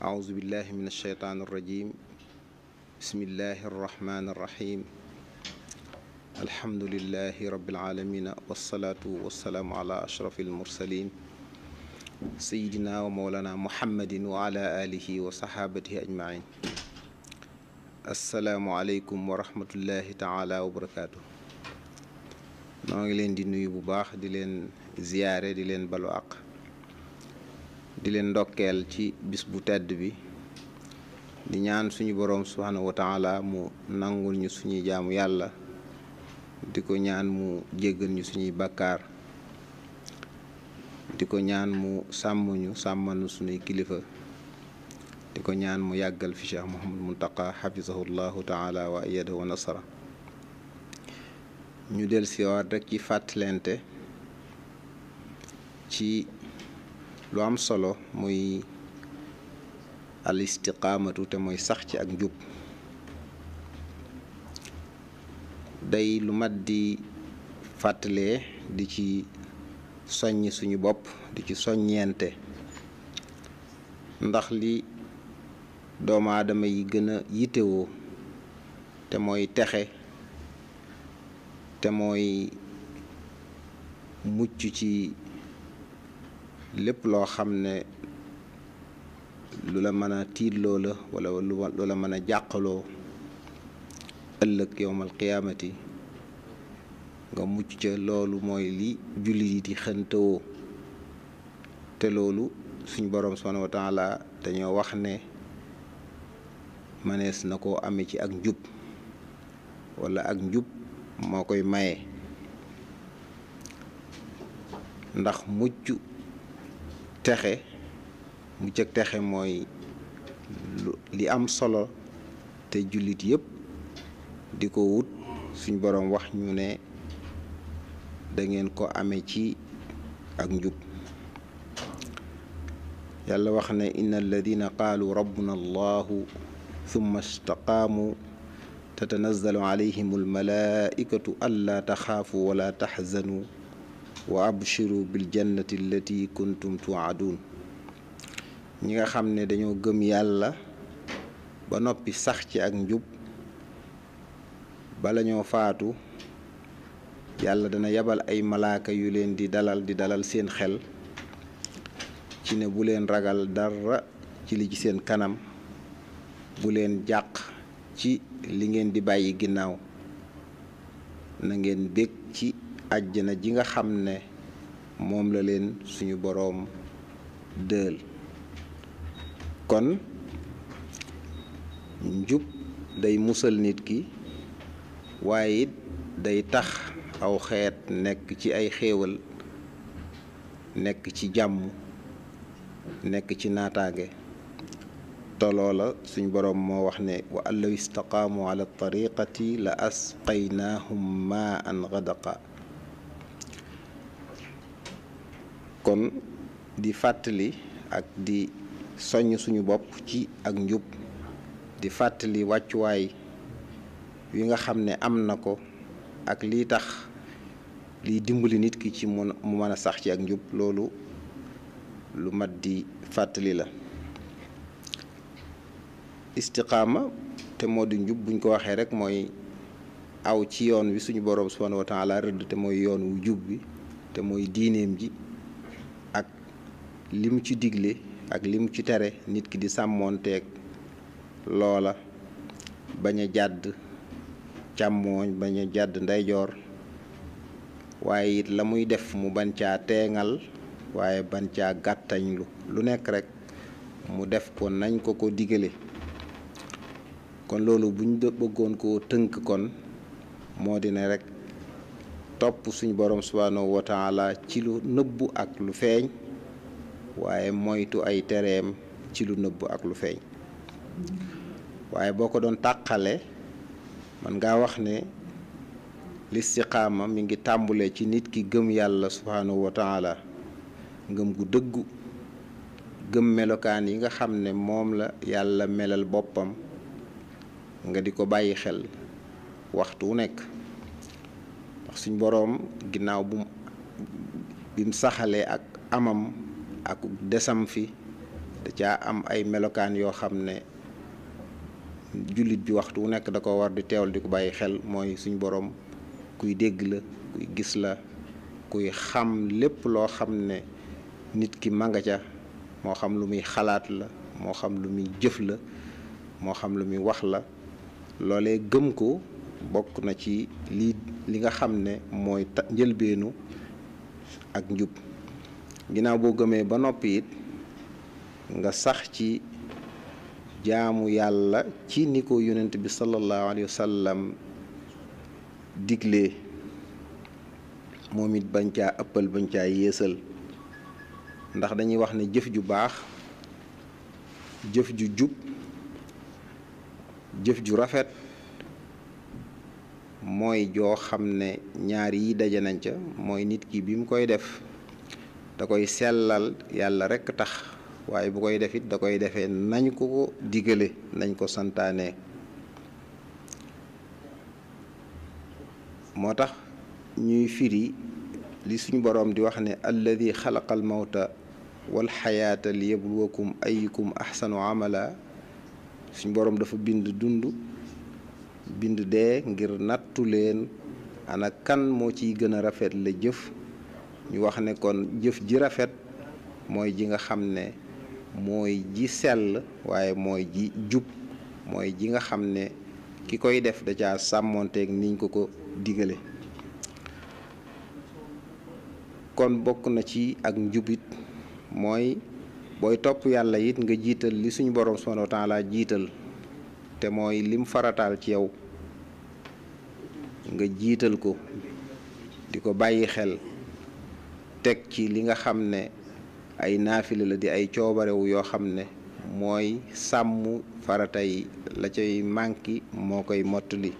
أعوذ بالله من الشيطان الرجيم بسم الله الرحمن الرحيم الحمد لله رب العالمين والصلاة والسلام على أشرف المرسلين سيدنا ومولانا محمد وعلى آله وصحابته أجمعين assalaamu aleykum wa rahmatullahi taala wa barakaatu noo ngi leen di nuyu bu baax di leen ziyaare di leen balu àq di leen ndokkeel ci bis bu tedd bi di ñaan suñu boroom subhaanahu wa taala mu nangul ñu suñuy jaamu yàlla di ko ñaan mu jéggal ñu suñuy bakkaar di ko ñaan mu sàmm ñu sàmmal ñu suñuy kilifa di ko ñaan mu yàggal fi Cheikh Mouhamadou Mountakha xafisahu llahu taala wa ayadahu wa nasara ñu del siwaat rek ci fàttalente ci lu am solo muy al istiqaamatu te mooy sax ci ak njub day lu mat di fàttalee di ci soññ suñu bopp di ci soññente ndax li doomaadama yi gën a yittewoo te mooy texe te mooy mucc ci lépp loo xam ne lu la mën a tiitloo la wala lu la mën a jàqaloo ëllëg yowmal qiyaamati nga mucc ca loolu mooy li jullit yi di xëntawoo te loolu suñ boroom subhaanahu wa taala dañoo wax ne mënees na koo ame ci ak njub walla ak njub moo koy maye ndax mucc texe mu jëkk texe mooy li am solo te jullit yépp di ko wut suñ boroom wax ñu ne dangeen ko amee ci ak njub yàlla wax ne inna alladina qaalu rabbuna allahu thumma istaqaamu tatanazzalu alayhim almalaikatu an laa taxaafu wala taxzanu wa abshiru bil jannati allati kuntum tuadun ñi nga xam ne dañoo gëm yàlla ba noppi sax ci ak njub bala ñoo faatu yàlla dana yabal ay malaaka yu leen di dalal di dalal seen xel ci ne bu leen ragal dara ci li ci seen kanam bu leen jàq ci li ngeen di bàyyi ginnaaw na ngeen bég ci àjjana ji nga xam ne moom la leen suñu boroom dël kon njub day musal nit ki waaye day tax aw xeet nekk ci ay xéewal nekk ci jàmm nekk ci naataange toloo la suñ boroom moo wax ne wa allaw istaqaamu ala tariqati la asqaynaahum maa an gadaqa kon di fàttali ak di soññ suñu bopp ci ak njub di fàttali wàccuwaay wi nga xam ne am na ko ak lii tax liy dimbali nit ki ci mu mën a sax ci ak njub loolu lu mat di fàttali la istiqaama te moo di njub buñ ko waxee rek mooy aw ci yoon wi suñu boroom subhanahu wa taala rëdd te mooy yoon wu jub bi te mooy diineem ji li mu ci digle ak limu ci tere nit ki di sàmmoonteeg loola bañ a jàdd càmmooñ bañ a jàdd ndeyjoor waaye it la muy def mu bañ caa teengal waaye bañ caa gàttañlu lu nekk rekk mu def ko nañ ko ko digale kon loolu bu ñu bëggoon koo tënk kon moo di ne rekk topp suñu borom subhanahu wa taala ci lu nëbbu ak lu feeñ waaye moytu ay tereem ci lu nëbb ak lu feeñ waaye boo ko doon tàqale man ngaa wax ne listiqaama mi ngi tàmbule ci nit ki gëm yàlla subhaanahu wa taala ngëm gu dëggu gëm melokaan yi nga xam ne moom la yàlla melal boppam nga di ko bàyyi xel waxtu wu nekk ndax suñ boroom ginnaaw bu bi mu saxalee ak amam ak desam fi da caa am ay melokaan yoo xam ne jullit bi waxtu wu nekk da ko war di teewal di ko bàyyi xel mooy suñ boroom kuy dégg la kuy gis la kuy xam lépp loo xam ne nit ki manga ca moo xam lu muy xalaat la moo xam lu muy jëf la moo xam lu muy wax la loole gëm ko bokk na ci lii li nga xam ne mooy njëlbeenu ak njub ginnaaw boo gëmee ba noppiit nga sax ci jaamu yàlla ci niko ko yonent bi sallallahu alayhi wa sallam diglee moom it bañ caa ëppal bañ caa yéesal ndax dañuy wax ne jëf ju baax jëf ju jub jëf ju rafet mooy joo xam ne ñaar yi daje nañ ca mooy nit ki bi mu koy def da koy sellal yàlla rekk tax waaye bu koy def it da koy defe nañu ko ko digale nañ ko santaane moo tax ñuy firi li suñu boroom di wax ne alladi xalaqa al mawta wal xayaatal li yabluwakum ayukum ahsanu amala suñ boroom dafa bind dund bind dee ngir nattu leen ana kan moo ciy gën a rafet la jëf ñu wax ne kon jëf ji rafet mooy ji nga xam ne mooy ji sell waaye mooy ji jub mooy ji nga xam ne ki koy def da caa sàmmonteeg niñ ko ko digale kon bokk na ci ak njubit mooy booy topp yàlla it nga jiital li suñu borom subhanahu wa taala jiital te mooy limu farataal ci yow nga jiital ko di ko bàyyi xel teg ci li nga xam ne ay naafila la di ay coobarewu yoo xam ne mooy sàmm faratay la cay manki moo koy mottali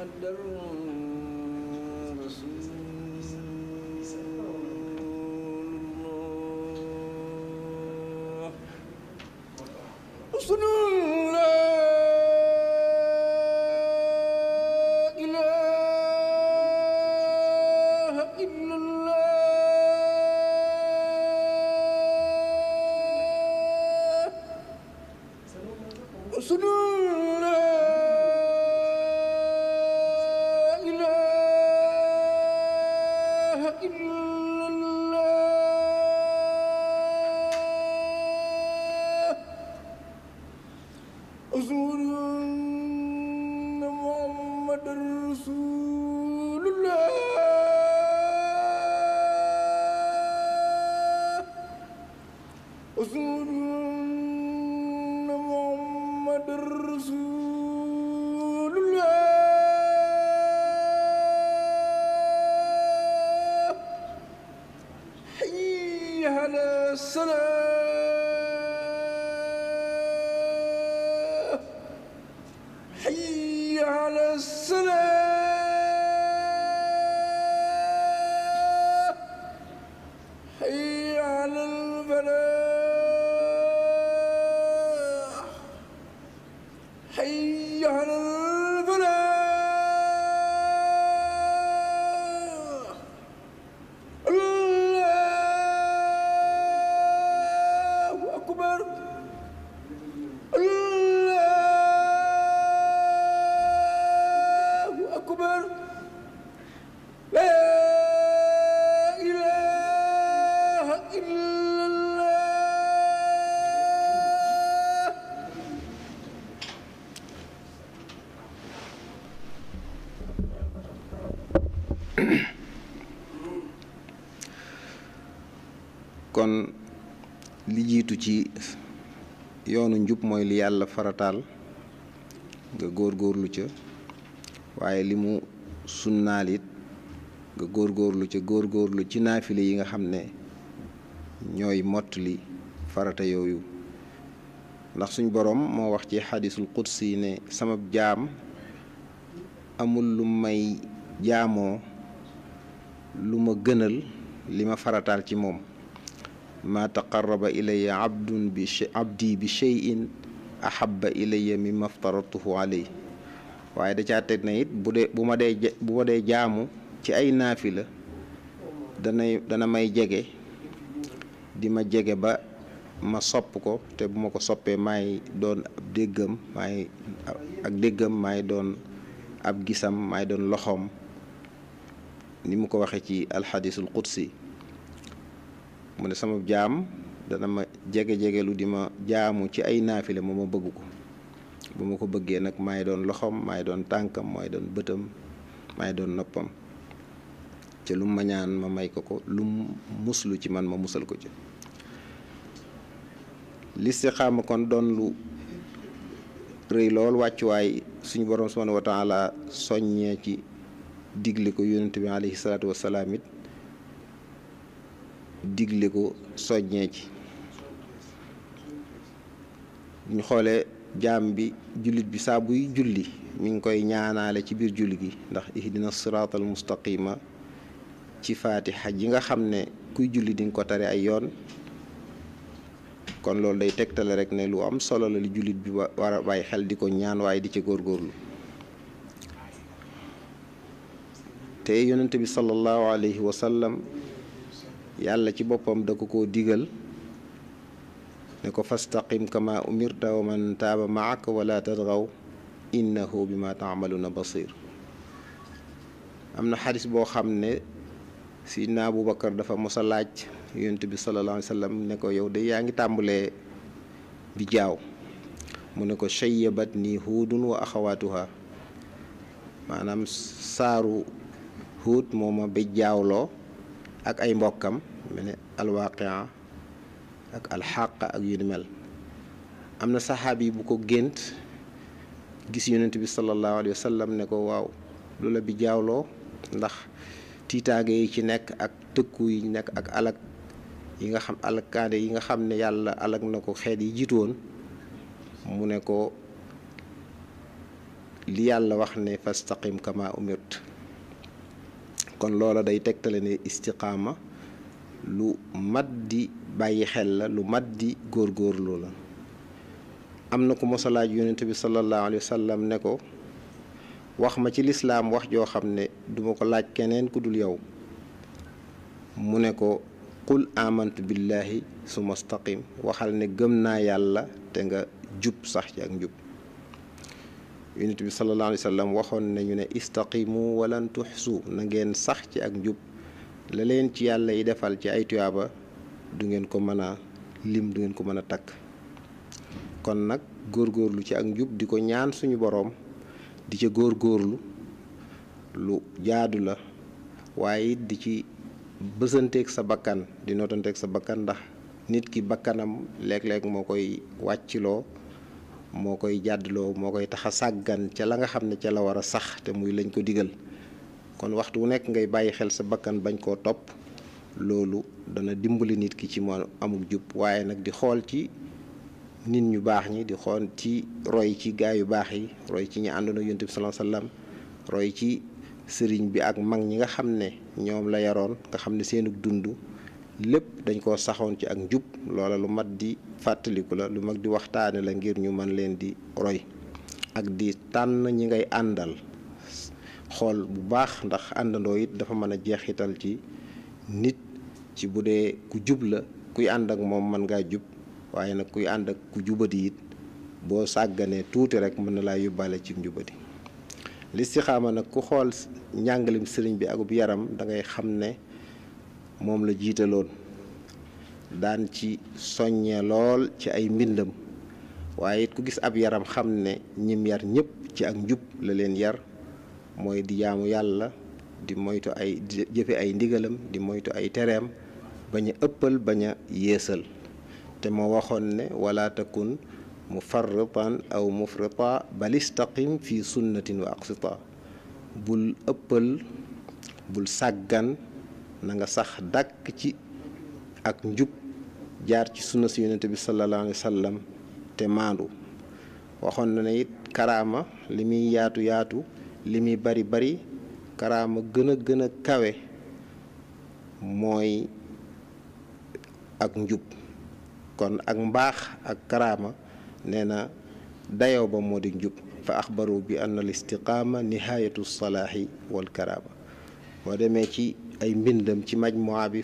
محمد رسول واشهد أن محمد رسول الله حي على السلام yoonu njub mooy li yàlla farataal nga góorgóorlu ca waaye li mu sunnaal it góor góorlu ca góor góorlu ci naafile yi nga xam ne ñooy mott li farata yooyu ndax suñu boroom moo wax ci xadisul qudsi ne sama jaam amul lu may jaamoo lu ma gënal li ma farataal ci moom maa taqarraba ilaya abdun bi abdi bi cheyin ahaba ilaya mimma waaye da caa teg na it bu dee bu ma dee bu ma dee jaamu ci ay naafila danay dana may jege di ma jege ba ma sopp ko te bu ma ko soppee maay doon ab déggam maay doon ab gisam maay doon loxoom ni mu ko waxee ci alxadiisul qudsi mu ne sama jaam dana ma jege lu di ma jaamu ci ay naafile ma ma bëgg ko bu ma ko bëggee nag maay doon loxoom maay doon tànkam maay doon bëtam maay doon noppam ca lu ma ma may ko ko lu muslu ci man ma musal ko ci listixaama kon doon lu rëy lool wàccuwaay suñu borom subhanahu wa taala soññee ci digle ko yonent bi alayhi salaatu wasalaam it digle ko soññee ci ñu xoole jaam bi jullit bi saa buy julli mi ngi koy ñaanaale ci biir julli gi ndax ihdina siraatal mustaqima ci faati faatiha yi nga xam ne kuy julli di ko tare ay yoon kon loolu day tegtale rek ne lu am solo la li jullit bi war a xel di ko ñaan waaye di ci góorgóorlu te yonente bi sallallahu alayhi wa yàlla ci boppam da ko koo digal ne ko fastaqim kama umirta wa man taaba maak wala tadgaw innahu bi ma taamaluuna basir am na xadis boo xam ne sidna abubakar dafa mos laaj yonent bi sallallahu alayhi wa ne ko yow de yaa ngi tàmbalee bi jaaw mu ne ko shayyabat nii huudun wa axawaatuha maanaam saaru huut moo ma bi jaawloo ak ay mbokkam mel ne alwaqia ak alxaqa ak yu mel am na saxaab yi bu ko gént gis yonent bi sallallahu alayhi wa sallam ne ko waaw lu la bi jaawloo ndax tiitaange yi ci nekk ak tëkku yi nekk ak alak yi nga xam alakaande yi nga xam ne yàlla alak na ko xeet yi jiitu woon mu ne ko li yàlla wax ne fastaqim kama umirt kon loola day tegtale ne istiqaama lu mat di bàyyi xel la lu mat di góor góorlu la am na ku mos a laaj yonent bi sallallahu alayhi wa sallam ne ko wax ma ci lislaam wax joo xam ne duma ko laaj keneen ku dul yow mu ne ko qul amantu billahi su mustaqim waxal ne gëm naa yàlla te nga jub sax ci ak njub yonent bi sallallahu alayhi wa waxoon nañu ne istaqimu walan tuxsu na ngeen sax ci ak njub la ci yàlla yi defal ci ay tuyaaba du ngeen ko mën a lim du ngeen ko mën a takk kon nag góor góorlu ci ak njub di ko ñaan suñu boroom di ca góor góorlu lu jaadu la waaye it di ci bësanteeg sa bakkan di nootanteeg sa bakkan ndax nit ki bakkanam léeg-léeg moo koy wàcciloo moo koy jàddloo moo koy tax a sàggan ca la nga xam ne ca la war a sax te muy lañ ko digal kon waxtu wu nekk ngay bàyyi xel sa bakkan bañ koo topp loolu dana dimbali nit ki ci moo amuk jub waaye nag di xool ci nit ñu baax ñi di xool ci roy ci gaa yu baax yi roy ci ñi àndoon ak yonent bi sallallahu alayhi roy ci sëriñ bi ak mag ñi nga xam ne ñoom la yaroon nga xam ne seenug dund lépp dañ koo saxoon ci ak njub loola lu mat di fàttaliku la lu mag di waxtaane la ngir ñu mën leen di roy ak di tànn ñi ngay àndal xool bu baax ndax àndandoo it dafa mën a jeexital ci nit ci bu dee ku jub la kuy ànd ak moom mën ngaa jub waaye nag kuy ànd ak ku jubati it boo sàgganee tuuti rek mën na laa yóbbaale ci njubati listixaama nag ku xool njàngalim sëriñ bi akub yaram dangay xam ne moom la jiitaloon daan ci soññee lool ci ay mbindam waaye it ku gis ab yaram xam ne ñim yar ñëpp ci ak njub la leen yar mooy di yàlla di moytu ay jëfe ay ndigalam di moytu ay tereem bañ a ëppal bañ yéesal te moo waxoon ne wala takun mufarritan aw mufrita bal fi sunnatin wa aqsita bul ëppal bul sàggan na nga sax dàkk ci ak njub jaar ci sunna si yonente bi sallallahu alayhi te maandu waxoon na ne karaama li yaatu yaatu li muy bari bari karaama gën a gën a kawe mooy ak njub kon ak mbaax ak karaama nee na dayoo ba moo di njub fa axbaru bi ann al istiqaama nihaayatu salaaxi wal karaama boo demee ci ay mbindam ci majmuwa bi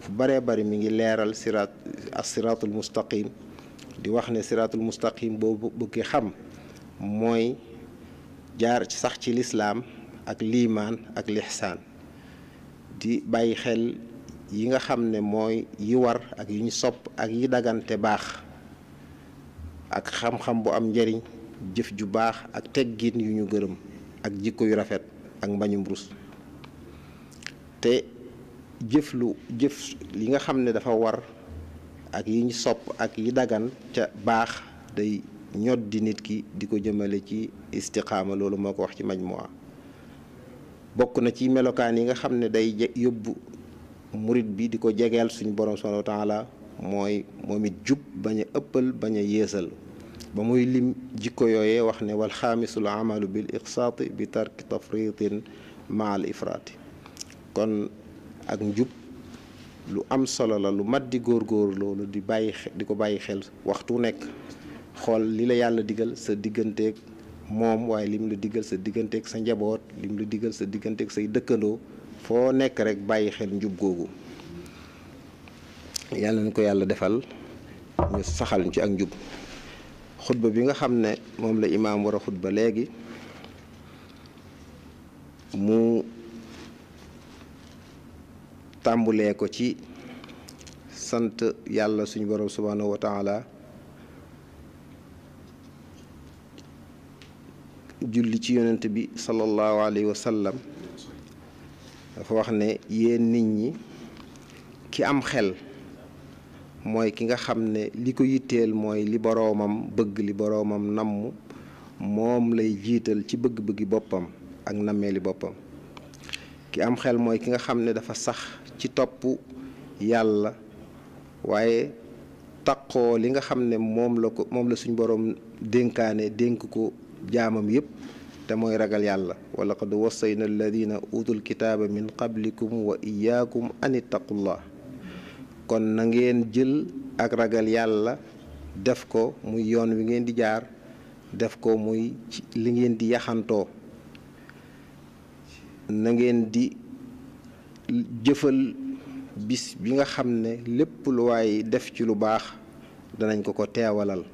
fu baree bari mu ngi leeral siraat as siraatul mustaqim di wax ne siraatul mustaqim boobu bëgg xam mooy jaar ci sax ci lislaam ak liimaan ak lixsaan di bàyyi xel yi nga xam ne mooy yi war ak yi ñu sopp ak yi daggante baax ak xam-xam bu am njariñ jëf ju baax ak teggiin yu ñu gërëm ak jikko yu rafet ak mbañu rus te jëf lu jëf li nga xam ne dafa war ak yi ñu sopp ak yi daggan ca baax day ñod di nit ki di ko jëmale ci istiqaama loolu moo ko wax ci majmuwa bokk na ci melokaan yi nga xam ne day yóbbu murit bi di ko jegal suñu borom subhanahu wa taala mooy moom it jub bañ a ëppal bañ a yéesal ba muy lim jikko yooyee wax ne wal xaamisul amalu bil iqsaati bi tarki tafritin ma ifraati kon ak njub lu am solo la lu mat di góor loolu di bàyyi di ko bàyyi xel waxtu nekk xool li la yàlla digal sa digganteeg moom waaye lim la digal sa digganteek sa njaboot lim la digal sa digganteeg say dëkkandoo foo nekk rek bàyyi xel njub googu yàlla na ko yàlla defal ñu saxal ci ak njub xutba bi nga xam ne moom la imaam war a xutba léegi mu tàmbulee ko ci sant yàlla suñu boroom subhanahu wa taala julli ci yonent bi sallallahu alayhi wa sallam dafa wax ne yéen nit ñi ki am xel mooy ki nga xam ne li ko yitteel mooy li boroomam bëgg li boroomam namm moom lay jiital ci bëgg-bëggi boppam ak nammeeli boppam ki am xel mooy ki nga xam ne dafa sax ci topp yàlla waaye taqoo li nga xam ne moom la ko moom la suñ boroom dénkaane dénk ko jaamam yëpp te mooy ragal yàlla wa laqad wassayna alladina utul kitaaba min qablikum wa iyaakum an ittaqullah kon na ngeen jël ak ragal yàlla def ko mu yoon wi ngeen di jaar def ko muy li ngeen di yaxantoo na ngeen di jëfal bis bi nga xam ne lépp lu waay def ci lu baax danañ ko ko teewalal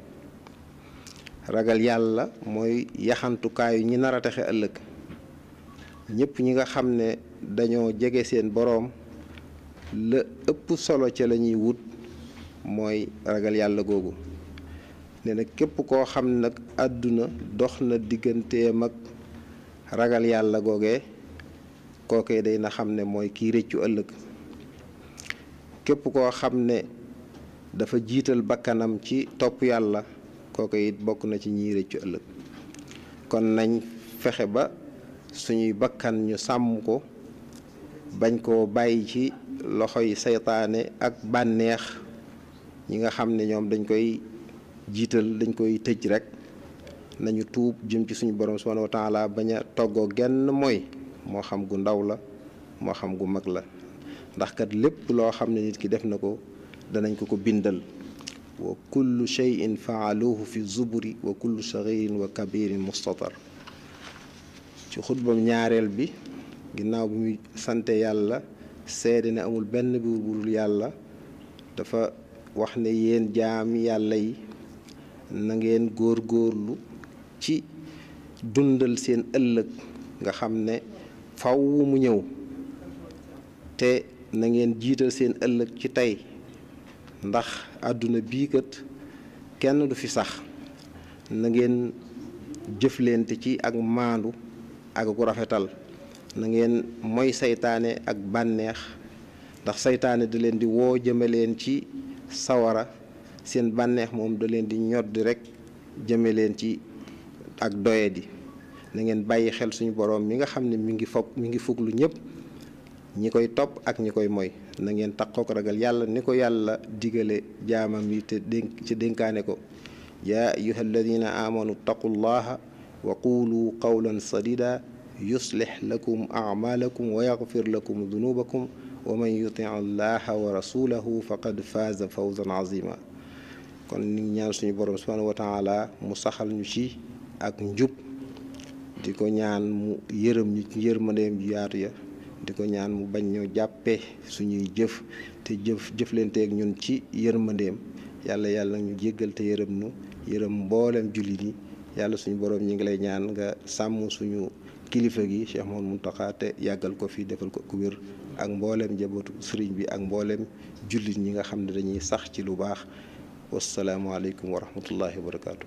ragal yàlla mooy yaxantukaayu ñi nar a texe ëllëg ñëpp ñi nga xam ne dañoo jege seen boroom la ëpp solo ca la ñuy wut mooy ragal yàlla googu nee na képp koo xam ne nag àdduna dox na digganteem ak ragal yàlla googe kookee day na xam ne mooy kii rëccu ëllëg képp koo xam ne dafa jiital bakkanam ci topp yàlla kooku it bokk na ci ñiy rëccu ëllëg kon nañ fexe ba suñuy bakkan ñu sàmm ko bañ koo bàyyi ci loxo yi saytaane ak bànneex ñi nga xam ne ñoom dañ koy jiital dañ koy tëj rek nañu tuub jëm ci suñu borom subhanahu wa taala bañ a toggoo genn mooy moo xam gu ndaw la moo xam gu mag la ndax kat lépp loo xam ne nit ki def na ko danañ ko ko bindal wa kullu cheyin faaluuhu fi zuburi wa kullu sagirin wa kabirin mustatar ci xutbam ñaareel bi ginnaaw bi muy sante yàlla seede ne amul benn buur bu dul yàlla dafa wax ne yéen jaam yàlla yi na ngeen góor góorlu ci dundal seen ëllëg nga xam ne faw mu ñëw te na ngeen jiital seen ëllëg ci tey ndax àdduna bii kat kenn du fi sax na ngeen jëflante ci ak maandu ak ku rafetal na ngeen mooy saytaane ak bànneex ndax seytaane da leen di woo jëme leen ci sawara seen bànneex moom da leen di ñoddi rekk jëme leen ci ak doyadi na ngeen bàyyi xel suñu boroom mi nga xam ne mi ngi foog mu ngi fuglu ñépp ñi koy topp ak ñi koy moy na ngeen taqoo ko ragal yàlla ni ko yàlla digale jaamam yi te dénk dénkaane ko yaa ayuha alladina amanu taqullaha wa qulu qawlan sadida yuslix lakum acmaalakum wa yaxfir lakum dunubakum wa man yutic allaha wa rasulahu faqad faaza fawzan azima kon ni ñaan suñu borom subhanahu wa taala mu saxal ñu ci ak njub di ko ñaan mu yërëm ñu ci yaatu di ko ñaan mu bañ ñoo jàppee suñuy jëf te jëf jëflanteeg ñun ci yërmandeem yàlla yàlla ñu jéggal te yërëm nu yërëm mbooleem jullit yi yàlla suñu borom ñu ngi lay ñaan nga sàmm suñu kilifa gi Cheikh Mouhamadou Mountakha te yàggal ko fii defal ko ku ak mbooleem njabootu sëriñ bi ak mbooleem jullit ñi nga xam ne dañuy sax ci lu baax wasalaamualeykum wa rahmatullahi wa barakaatu.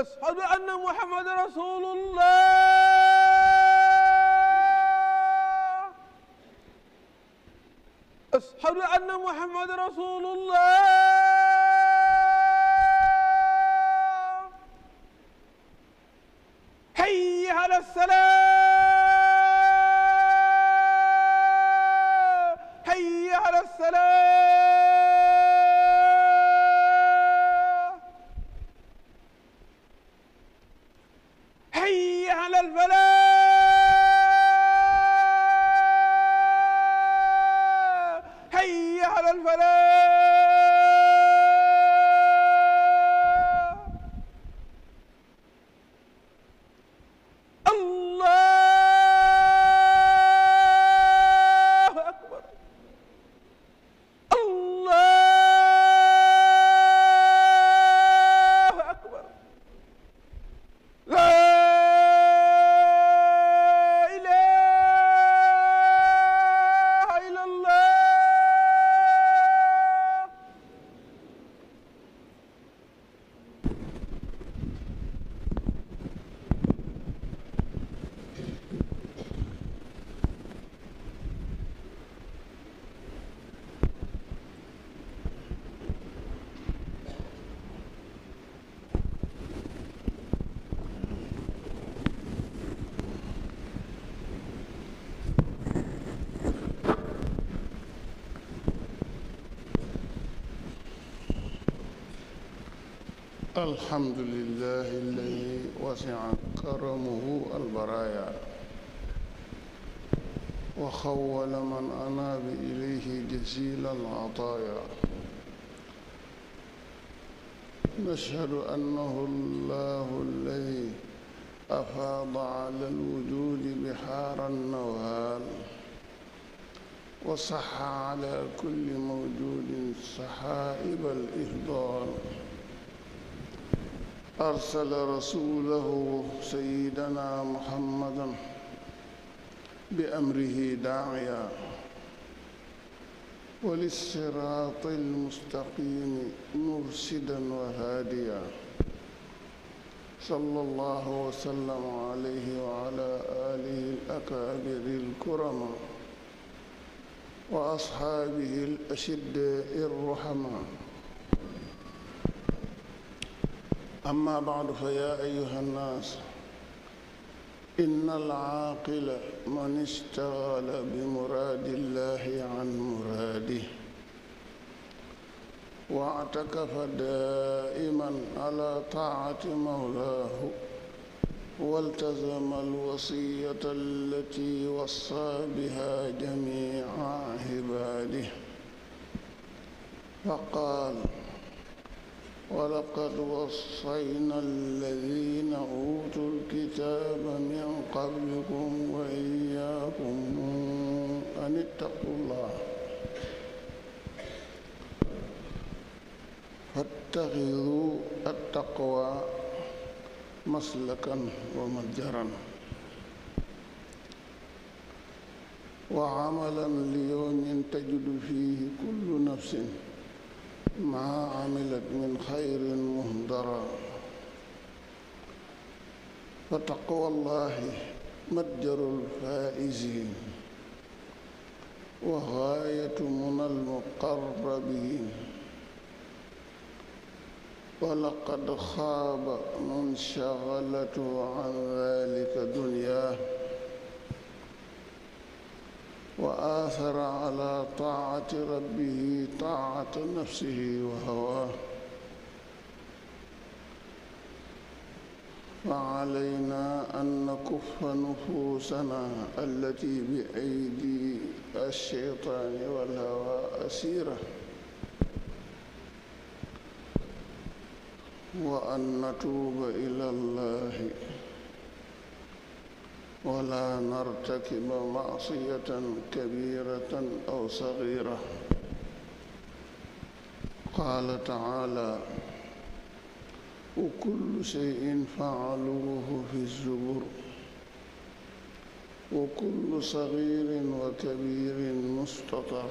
أشهد أن محمد رسول الله أشهد أن محمد رسول الله حي على السلام الحمد لله الذي وسع كرمه البرايا وخول من أناب إليه جزيل العطايا نشهد أنه الله الذي أفاض على الوجود بحار النوال وصح على كل موجود سحائب الإفضال أرسل رسوله سيدنا محمدا بأمره داعيا وللصراط المستقيم مرشدا وهاديا صلى الله وسلم عليه وعلى آله الأكابر الكرماء وأصحابه الأشداء الرحماء أما بعد فيا أيها الناس إن العاقل من اشتغل بمراد الله عن مراده واعتكف دائما على طاعة مولاه والتزم الوصية التي وصى بها جميع عباده فقال ولقد وصينا الذين أوتوا الكتاب من قبلكم وإياكم أن اتقوا الله فاتخذوا التقوى مسلكا ومتجرا وعملا ليوم تجد فيه كل نفس ما عملت من خير مهدرا فتقوى الله متجر الفائزين وغاية من المقربين ولقد خاب من شغلته عن ذلك دنياه وآثر على طاعة ربه طاعة نفسه وهواه فعلينا أن نكف نفوسنا التي بأيدي الشيطان والهوى أسيرة وأن نتوب إلى الله ولا نرتكب معصية كبيرة أو صغيرة قال تعالى وكل شيء فعلوه في الزبر وكل صغير وكبير مستطر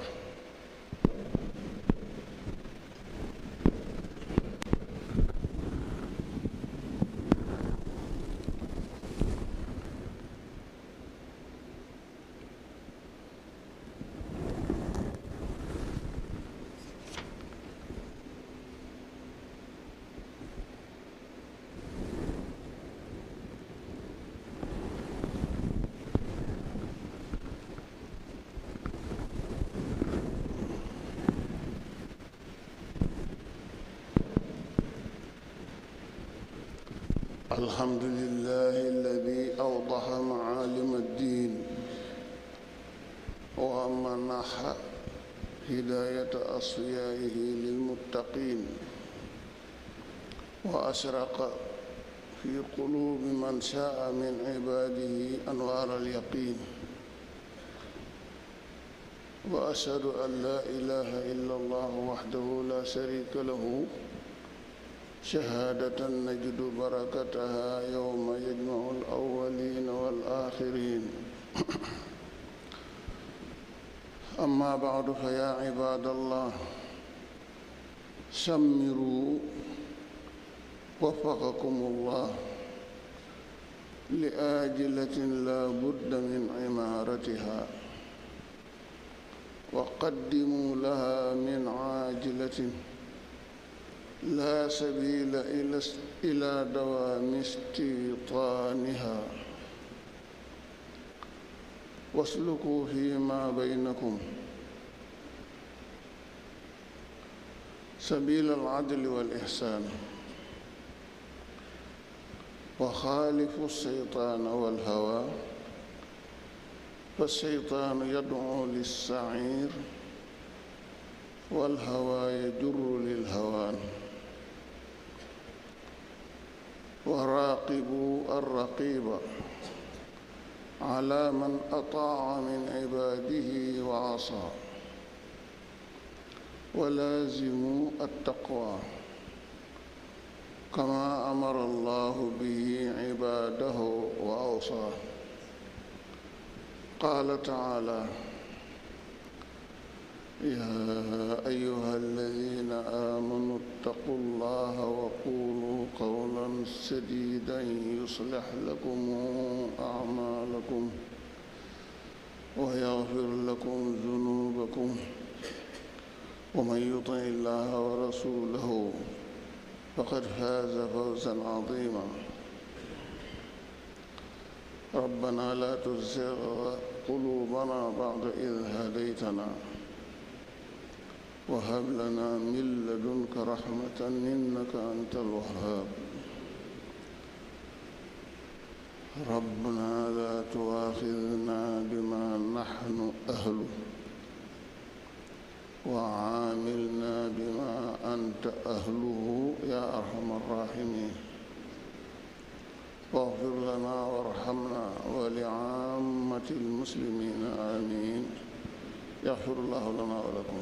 الحمد لله الذي أوضح معالم الدين ومنح هداية أصفيائه للمتقين وأشرق في قلوب من شاء من عباده أنوار اليقين وأشهد أن لا إله إلا الله وحده لا شريك له شهادة نجد بركتها يوم يجمع الأولين والآخرين أما بعد فيا عباد الله سمروا وفقكم الله لآجلة لا بد من عمارتها وقدموا لها من عاجلة لا سبيل إلى إلى دوام استيطانها واسلكوا فيما بينكم سبيل العدل والإحسان وخالفوا الشيطان والهوى فالشيطان يدعو للسعير والهوى يجر للهوان وراقبوا الرقيب على من أطاع من عباده وعصى ولازموا التقوى كما أمر الله به عباده وأوصاه قال تعالى يا أيها الذين آمنوا اتقوا الله وقولوا قولا سديدا يصلح لكم أعمالكم ويغفر لكم ذنوبكم ومن يطع الله ورسوله فقد فاز فوزا عظيما ربنا لا تزغ قلوبنا بعد إذ هديتنا وهب لنا من لدنك رحمة إنك أنت الوهاب ربنا لا تؤاخذنا بما نحن أهله وعاملنا بما أنت أهله يا أرحم الراحمين واغفر لنا وارحمنا ولعامة المسلمين آمين yaxfirullahu lana wa lakum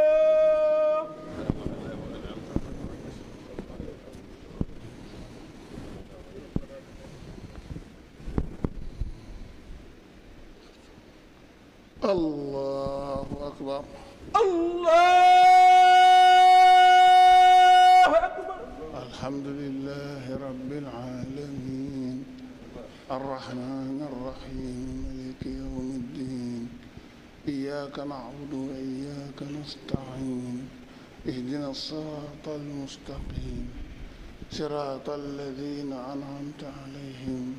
المستقيم صراط الذين أنعمت عليهم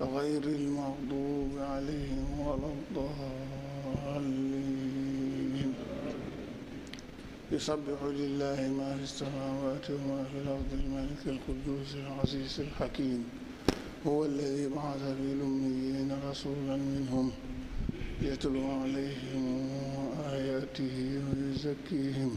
غير المغضوب عليهم ولا الضالين يسبح لله ما في السماوات وما في الأرض الملك القدوس العزيز الحكيم هو الذي بعث في الأميين رسولا منهم يتلو عليهم آياته ويزكيهم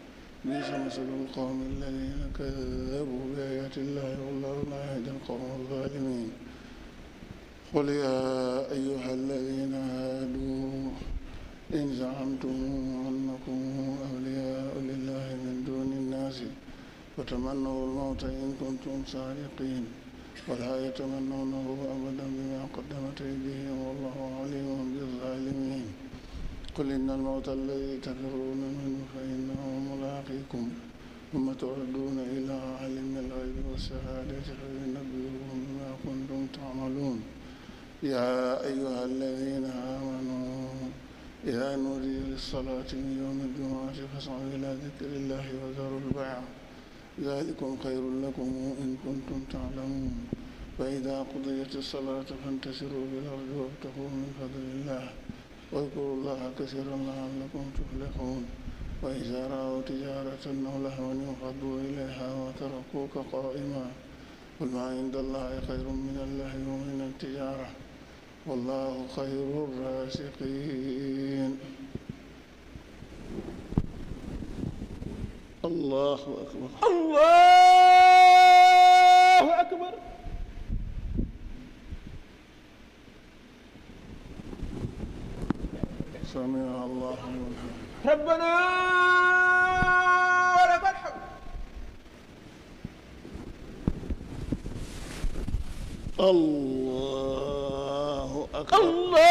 بئس مثل القوم الذين كذبوا بآيات الله والله لا يهدي القوم الظالمين قل يا أيها الذين هادوا إن زعمتم أنكم أولياء لله من دون الناس وتمنوا الموت إن كنتم صادقين ولا يتمنونه أبدا بما قدمت أيديهم والله عليم بالظالمين قل إن الموت الذي تفرون منه فإنه ملاقيكم ثم تردون إلى عالم الغيب والشهادة فينبئكم بما كنتم تعملون يا أيها الذين آمنوا إذا نودي للصلاة من يوم الجمعة فاسعوا إلى ذكر الله وذروا البيع ذلكم خير لكم إن كنتم تعلمون فإذا قضيت الصلاة فانتشروا بالأرض وابتغوا من فضل الله واذكروا الله كثيرا لعلكم تفلحون وإذا رأوا تجارة أو لهوا انفضوا إليها وتركوك قائما قل ما عند الله خير من الله ومن التجارة والله خير الرازقين الله أكبر الله أكبر سمع الله لمن ربنا ولك الحمد الله أكبر الله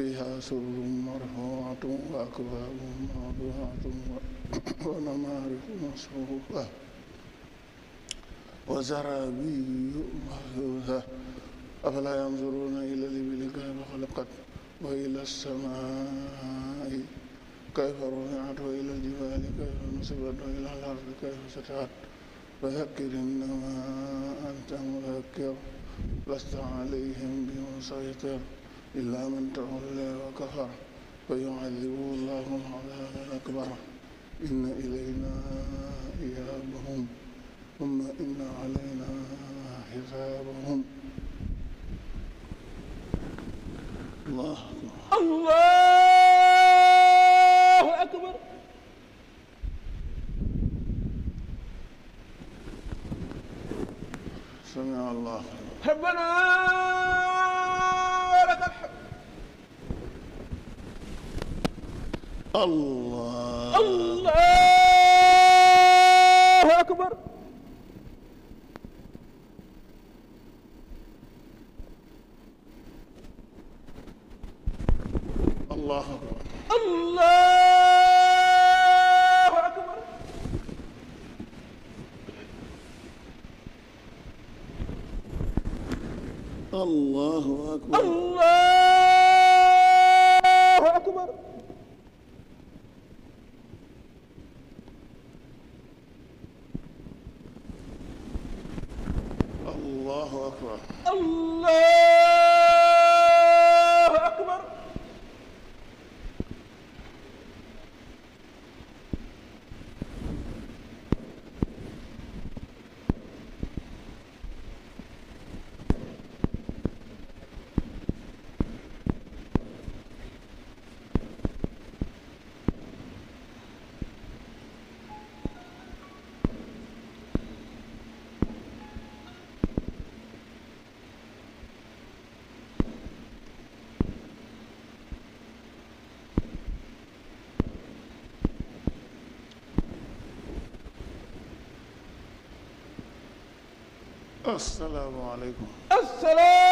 فيها سرر مرفوعة وأكواب موضوعة ونمارق مصفوفة وزرابي مبثوثة أفلا ينظرون إلى الإبل كيف خلقت وإلى السماء كيف رفعت وإلى الجبال كيف نصبت وإلى الأرض كيف سطحت فذكر إنما أنت مذكر لست عليهم بمسيطر illaa man tawalla wa kafara fa yu'adhibuhu llaahu al-'adhaaba al-akbar inna ilaynaa iyaabahum thumma inna 'alaynaa hisaabahum allaahu akbar allaahu akbar sami'a llaahu liman hamidah allah allahu akbar allahu akbar allahu akbar allahu akbar asalaamaaleykum. asalaamaaleykum.